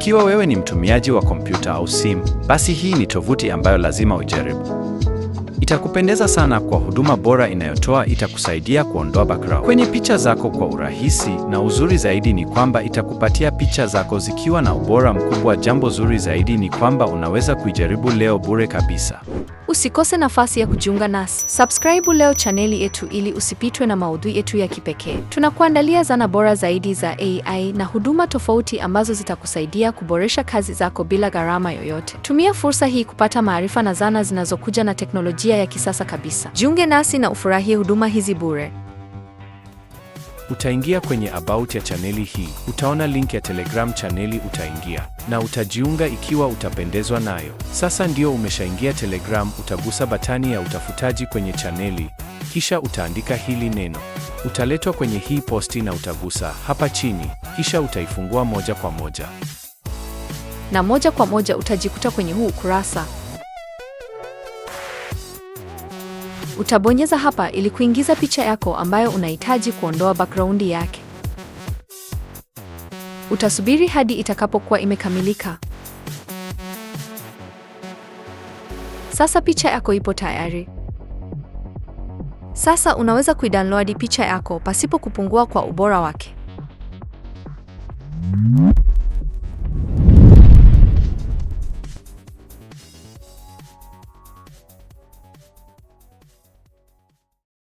Ikiwa wewe ni mtumiaji wa kompyuta au simu, basi hii ni tovuti ambayo lazima ujaribu. Itakupendeza sana kwa huduma bora inayotoa itakusaidia kuondoa background kwenye picha zako kwa urahisi, na uzuri zaidi ni kwamba itakupatia picha zako zikiwa na ubora mkubwa. Jambo zuri zaidi ni kwamba unaweza kuijaribu leo bure kabisa. Usikose nafasi ya kujiunga nasi. Subscribe leo chaneli yetu ili usipitwe na maudhui yetu ya kipekee. Tunakuandalia zana bora zaidi za AI na huduma tofauti ambazo zitakusaidia kuboresha kazi zako bila gharama yoyote. Tumia fursa hii kupata maarifa na zana zinazokuja na teknolojia ya kisasa kabisa. Jiunge nasi na ufurahie huduma hizi bure. Utaingia kwenye about ya chaneli hii, utaona link ya Telegram chaneli, utaingia na utajiunga ikiwa utapendezwa nayo. Sasa ndio umeshaingia Telegram, utagusa batani ya utafutaji kwenye chaneli, kisha utaandika hili neno. Utaletwa kwenye hii posti na utagusa hapa chini, kisha utaifungua moja kwa moja, na moja kwa moja utajikuta kwenye huu ukurasa. Utabonyeza hapa ili kuingiza picha yako ambayo unahitaji kuondoa background yake. Utasubiri hadi itakapokuwa imekamilika. Sasa picha yako ipo tayari. Sasa unaweza kuidownload picha yako pasipo kupungua kwa ubora wake.